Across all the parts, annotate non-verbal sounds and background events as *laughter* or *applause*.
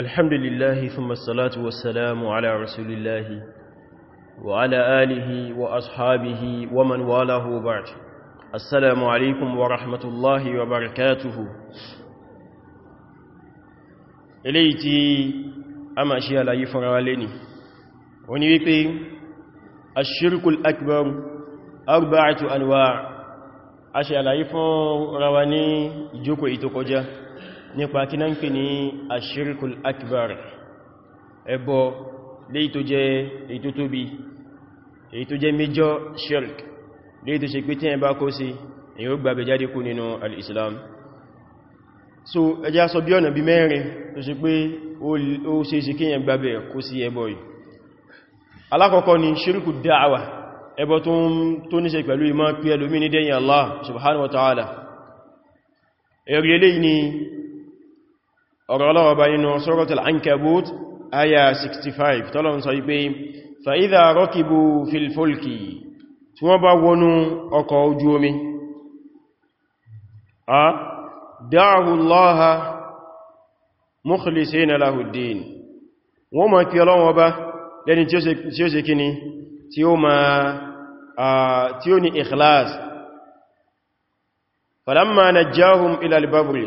الحمد لله ثم الصلاة والسلام على رسول الله وعلى آله وأصحابه ومن واله بعد السلام عليكم ورحمة الله وبركاته إليتي أما شيء لا يفرالني ونريكي الشرك الأكبر أربعة أنواع أشياء لا يفرالني جوكو إتوكوجا nípa kí náà ń pè ní ashirikul akbar ẹbọ léyìí tó jẹ́ èyí tó tóbi èyí tó jẹ́ major shirk léyìí tó ṣe pé tí ẹ bá kó sí èyí ó gbàbẹ̀ jáde kú nínú al-islam so ẹjá sọ bí ọ̀nà bí mẹ́rin tó ṣe pé ó ṣe ṣe kíyàn gbàbẹ̀ kó sí ẹbọ yìí alákọ̀ọ́kọ́ ni shirku da'awa ẹbọ tó ní ṣe pẹ̀lú ìmọ̀ pẹ̀lú mí ní dẹ́yìn Allah subhanahu wa ta'ala ẹ̀rí eléyìí ni ọ̀rọ̀ ọlọ́ọ̀bá inú suratul ankabut aya 65 tọ́lọ̀n sọ ipé fa idha rakibu fil fulki tí wọ́n bá wọnú ọkọ̀ ojú omi a da'u Allaha mukhlisina lahuddin wọ́n ma kí ọlọ́wọ́ bá lẹ́ni tí ó ṣe kíni tí ó ma tí ó ní ikhlas falamma najjahum ila al-barri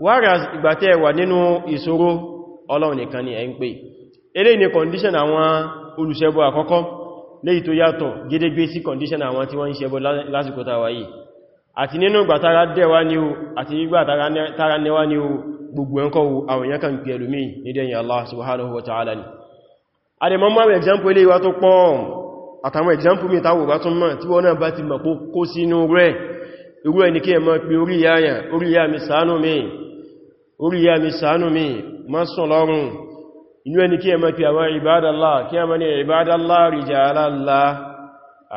whereas ìgbà tẹ́ wà nínú ìṣòro ọlọ́run nìkan ni ẹ̀ ń pè eléyìí ni condition àwọn olùṣẹbọ àkọ́kọ́ léyìí tó yàtọ̀ gédégbé sí condition àwọn tí wọ́n ń ṣẹbọ lásìkò tàwà yìí àti nínú ìgbà tara dẹ̀wá ni o àti ìgbà tara nẹwá ni o Allah subhanahu wa ta'ala ni a dẹ̀ example ilé wa tó example mi táwò bá tún mọ̀ tí wọ́n náà bá ti mọ̀ kó sínú rẹ̀ irú ẹni kí ẹ mọ́ pé orí yáyà orí yá mi ṣàánú mi orí ya mi sàánù mi masun lọ́rùn inú ẹni kí ẹ mọ́ pí àwọn ìbádàlá kí ẹ mọ́ ní ìbádàlá rijalallah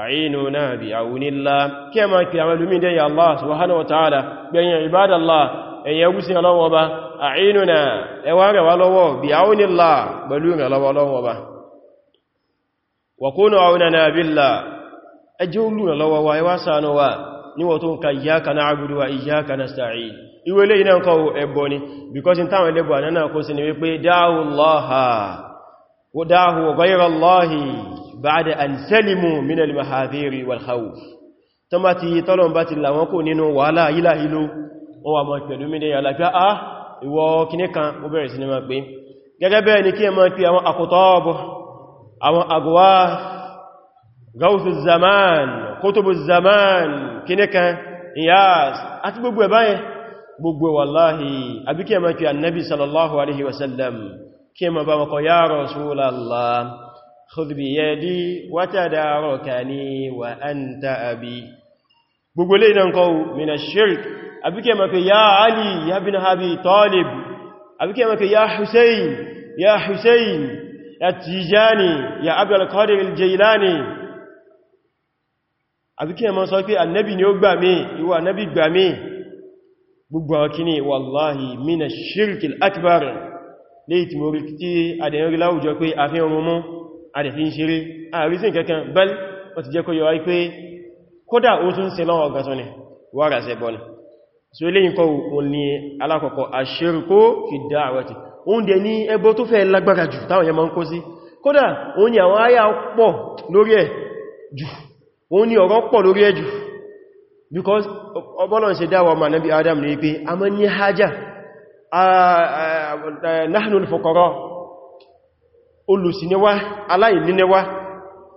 àìnúnà bí àwúnilá kí ẹ mọ́ pí àwọn lómi dẹ́ ya Allah subhanahu wa ta'ala gbẹ̀yìn ìbádàlá ẹ̀yẹ gúsí ọlọ́wọ́ ba àìnúnà ẹwà rẹ̀ wá lọ́wọ́ bí àwúnilá pẹ̀lú rẹ̀ ìwé lè iná kọ ẹbọ ni because in táwọn ẹlẹ́bọ̀ ànánà kó sí ni wípé dáhù ghayra Allahi ba'da an salimu minal mahadhiri wal khawf tó má ti tọ́lọ̀ bá ti làwọn kò nínú wàhálà ilá ìlú wọ́n wà mọ̀ pẹ̀lú mídé yàlàfíà á ah, ìwọ kìní kan ó bẹ̀rẹ̀ sí ni máa pé gẹ́gẹ́ bẹ́ẹ̀ ni kí ẹ máa pé àwọn akọ̀tọ́ọ̀bù àwọn àgọ́wà ìyá àti gbogbo ẹ̀báyẹn gbogbo wallahi àbí kí ẹ máa kí annabi sallallahu alaihi wasallam kí ma bá makọ ya rasulallah khudh bi yadi wa tadarakani wa anta abi gbogbo lè náà kọwù mina shirk àbí kí ẹ máa kí ya ali ya bin habi talib àbí kí ẹ máa kí ya hussein ya hussein ya tijani ya abdul qadir al-jailani àbí kí ẹ máa sọ pé annabi ni ó gbà mí ìwọ annabi gbà mí gbogbo àwọn kíní wàláhì mina shirkil akbar léyìí tí mo rí tí àdẹ̀yàn rí láwùjọ pé a fi ọrún mú àdẹ̀fí ń ṣeré àrísìn kankan bẹ́l o ti jẹ́ kó yọ wáyé pé kódà ó tún sí lọ́wọ́ ọ̀gásọ́ ni wà rà sẹ́ bọ́n so ilé yìí òun ni alákọ̀ọ́kọ́ àṣírkó fi dáàwọ́tì oúnjẹ ní ẹbọ tó fẹ́ lágbára jù táwọn yẹmọ ń kó sí kódà òun ni àwọn áyà pọ̀ lórí ẹ̀ jù òun ni ọ̀rọ̀ pọ̀ lórí ẹ̀ jù because ọbọ́lọ̀n ṣe dáwà ọmọ nabi adam ní pé a mọ́ ní hajjá nahnu al-fuqara olùsìnẹ́wá aláìníníwá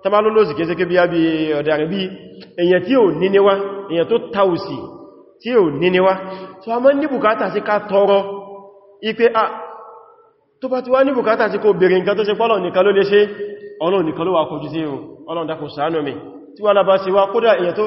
tamalolóòsì kéèkéé bí i ọ̀dàrin bí èyàn tí ò níníwá èyàn tó tausì tí ò níníwá so a mọ́ ní bùkátà sí ká tọrọ ipé a tó bá ti wá ní bùkátà sí kó bèèrè nǹkan tó ṣe pọ́lọ̀ nìkan ló lè ṣe ọlọ́ nìkan ló wà kọjú sí ọlọ́ndakùn ṣàánú tí wà lábá sí wá kódà èyàn tó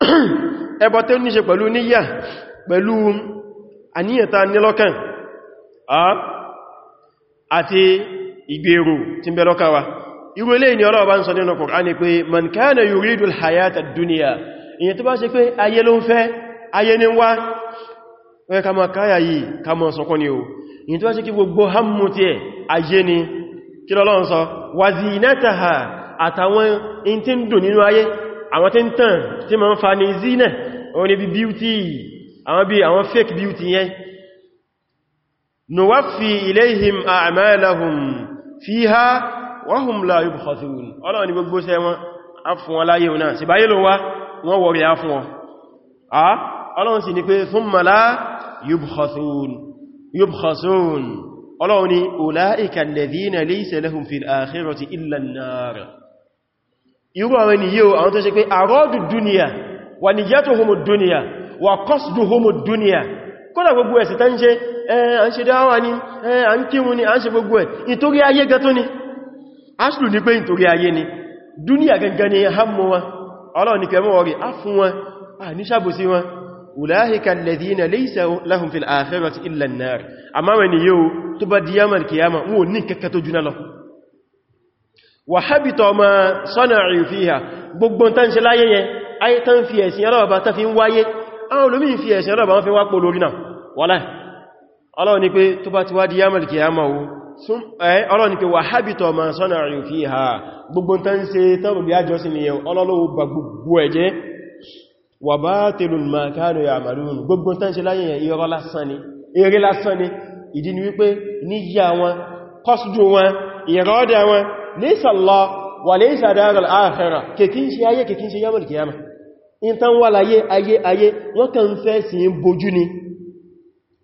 *clears throat* ẹbọ tí ó níṣe pẹ̀lú níyà pẹ̀lú àníyànta nílọ́kàn àti ìgbèrò tí ń bẹ lọ́kàn wa irú ilé ni Ọlọ́run bá ń sọ nínú Kùránì pé man kana yuridu al-hayata ad-dunya ìyẹn tó bá ṣe pé ayé ló ń fẹ́ ayé ní wá wọ́n ká máa káyà yìí ká máa sọkọ́ ni o ìyẹn tó bá ṣe kí gbogbo hammu tí ẹ̀ ayé ni kí l'Ọlọ́run sọ wa àtàwọn in tí ń dùn nínú ayé àwọn tí ń tàn tí ma ń fa ní zina àwọn ibi beauty àwọn bí àwọn fake beauty yẹn nuwaffi ilayhim a'malahum fiha wa hum la yubkhathun ọlọ́run ni gbogbo ṣẹ́ wọn a fún wọn láyé wọn náà sì báyé ló wọ́n wọ̀rẹ̀ a fún wọn a ọlọ́run sì ni pé thumma la yubkhathun yubkhathun ni ulaika alladhina irú àwọn ènìyàn o àwọn tó ṣe pé àrọ́dù dúnìyà wà ní yàtò homo dúnìyà wà kọ́sùdù homo dúnìyà kódà gbogbo ẹ̀sì tán ṣe à ń ṣe dáwà ní à ń kírun ní à ń ṣe gbogbo ẹ̀ ìtorí ayé gẹ́tọ́ ni aṣlù ní pé ìtorí ayé ni dúnìyà gangan ni wà hábìtọ̀ ma sọ́nàrí fi ha gbogbo tán ṣe láyé yẹn ayé tán fi ẹ̀sìn ọlọ́ọ̀bá tán fi ń wáyé àwọn olómi fi ẹ̀sìn ọlọ́ọ̀bá wọ́n fi wá pò lórí náà wọ́lá ọlọ́ọ̀ ni pé tó bá ti wá di yamal kiyama wo ọlọ́ọ̀ ni pé wà hábìtọ̀ ma sọ́nàrí fi ha gbogbo tán ṣe tán bí a jọsìn ni ìdí ni wípé níyà wọn kọ́sùjú wọn ìrọ́dà wọn laysa Allah wa laysa darul akhirah kìkín ṣe ayé kìkín ṣe yawmal qiyamah in tan wà láyé ayé ayé wọ́n kàn fẹ́ sí ń bojú ni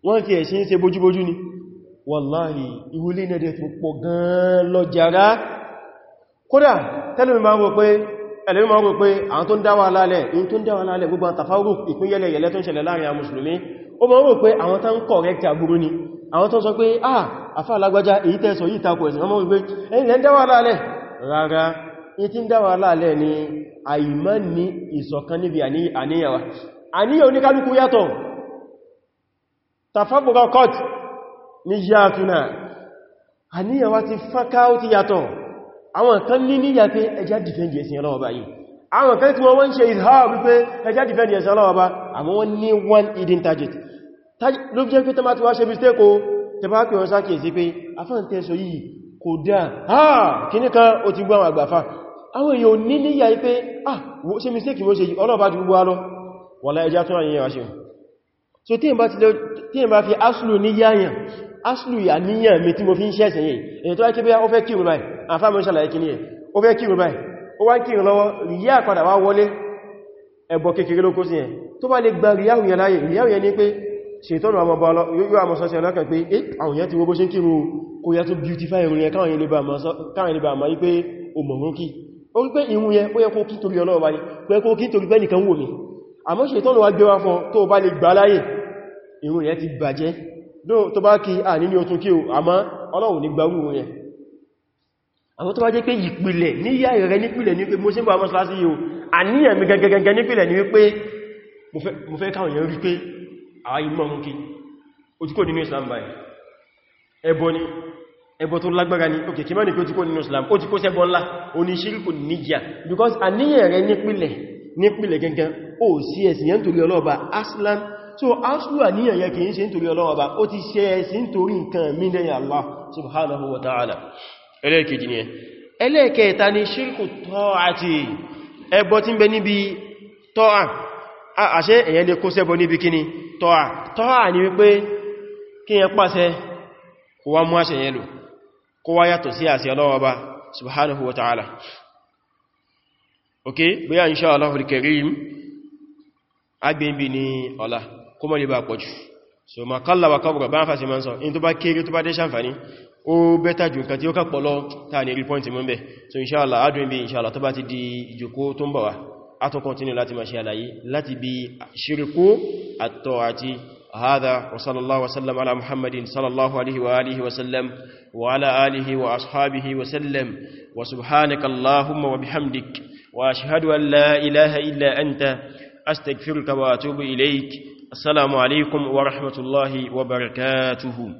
wọ́n fi ẹ̀sìn ṣe bójúbójú ni wallahi ìwúlé nẹ́dẹ̀ tó pọ̀ gan lọ jàrá kódà tẹ́lẹ̀mí máa wọ́n pé ẹlẹ́mí máa wọ́n pé àwọn tó ń dáwà lálẹ̀ in tó ń dáwà afá alágbájá èyí tẹ́sọ yìí takò ẹ̀sìn ọmọ wípé ẹ̀yìn lẹ́ ń dáwà láàlẹ́ rárá ní tí ń dáwà láàlẹ́ ni àìmọ́ ní ìṣọ̀kan níbi àníyàn wa àníyàn oníkálukú yàtọ̀ tafabukọt ní yàtúnà àníyàn wa ti fáká ó ti yàtọ̀ àwọn kan ní níyà pé ẹjá dìfẹ́ndì ẹ̀sìn ọlọ́wọ́ báyìí àwọn kan tí wọ́n wọ́n ń ṣe ìhá one hidden target ló jẹ́ pé tẹbá pẹ̀ wọn sáàkì sí pé afán tẹ́sọ yìí kò dáa àà kì ní kan o ti gbọ́ àwọn àgbàfà àwọn èèyàn ní níyà pé ah ṣe mistake wọ́n ṣe ọlọ́bàá ti gbogbo alọ́ wọ́lá ẹjá tún àyíyàn wá ṣe so tí ẹ bá fi aslu níyàyàn aslu yà níyàn mi tí mo fi ń ṣẹ́ sẹ́yìn èyí tó wá kí bí ó fẹ́ kí rùn báyìí àfá mọ́ ṣàlàyé kí ní ẹ̀ ó fẹ́ kí rùn báyìí ó wá kí rùn lọ́wọ́ ríyà padà wá wọlé ẹ̀bọ̀ kékeré ló kó sí ẹ̀ tó bá lè gba ríyàwó yẹn láyé ríyàwó yẹn ní pé ṣètọ́nù yóò àmọ́ sọ́sẹ̀ ọlọ́kàn pé eh àwọn èèyàn ti wo bó ṣe ń kírun kó yẹ tó beautify irun yẹn káwọn ilé bá ma yí pé o mọ̀rún kí o rí pé irun yẹn ó yẹ kó kí torí ọlọ́ọ̀bá bá ti bàjẹ́ tó bá kí à nínú o àmọ́ Ọlọ́run ní gbárù yẹn àwọn tó bá jẹ́ pé ìpìlẹ̀ níyà rẹ̀ nípìlẹ̀ ní pé mo ṣe ń bá mọ́sílásí yìí o àníyàn mi gẹ́gẹ́gẹ́gẹ́ nípìlẹ̀ ní wípé mo fẹ́ káwọn èèyàn rí pé àìmọ̀mùkí ó ti kó nínú Islam báyìí ẹbọ ni ẹbọ tó lágbára ní òkè kí má ní kí ó ti kó nínú Islam ó ti kó sẹ́bọ ńlá oníṣíríkù níjà because àníyàn rẹ nípìlẹ̀ nípìlẹ̀ gẹ́gẹ́ ó sí ẹ̀sìn yẹn torí ọlọ́ọ̀bá aslan so aslu àníyàn yẹ kìí ṣe nítorí ọlọ́ọ̀bá ó ti ṣe ẹ̀sìn nítorí nǹkan mí lẹ́yìn Allah subhanahu wa ta'ala ẹlẹ́ẹ̀kejì ni ẹlẹ́ẹ̀kẹta ni ṣíríkù tọ́ àti ẹbọ tí ń bẹ níbi tọ́ à àṣẹ èyàn lè kó sẹ́bọ̀ níbi kíni tọ́à tọ́à ní wípé kí yẹn pàṣẹ kó wá mú àṣẹ yẹn lò kó wá yàtọ̀ sí àṣẹ ọlọ́wọ́ bá subhanahu wa ta'ala ok bí yà insha Allahu al-karim agbẹ̀mbi ni ọ̀la kó mọ́ lè pọ̀jù so ma kalla wa kabura bá ń fàṣẹ mọ́ sọ in tó bá kéré tó bá dé so insha Allah adùn bí insha di ìjòkó tó أتو كونتينيو لاتي ماشي علي لاتي بي شركو هذا وصلى الله وسلم على محمد صلى الله عليه وآله وسلم وعلى آله وأصحابه وسلم وسبحانك اللهم وبحمدك وأشهد أن لا إله إلا أنت أستغفرك وأتوب إليك السلام عليكم ورحمة الله وبركاته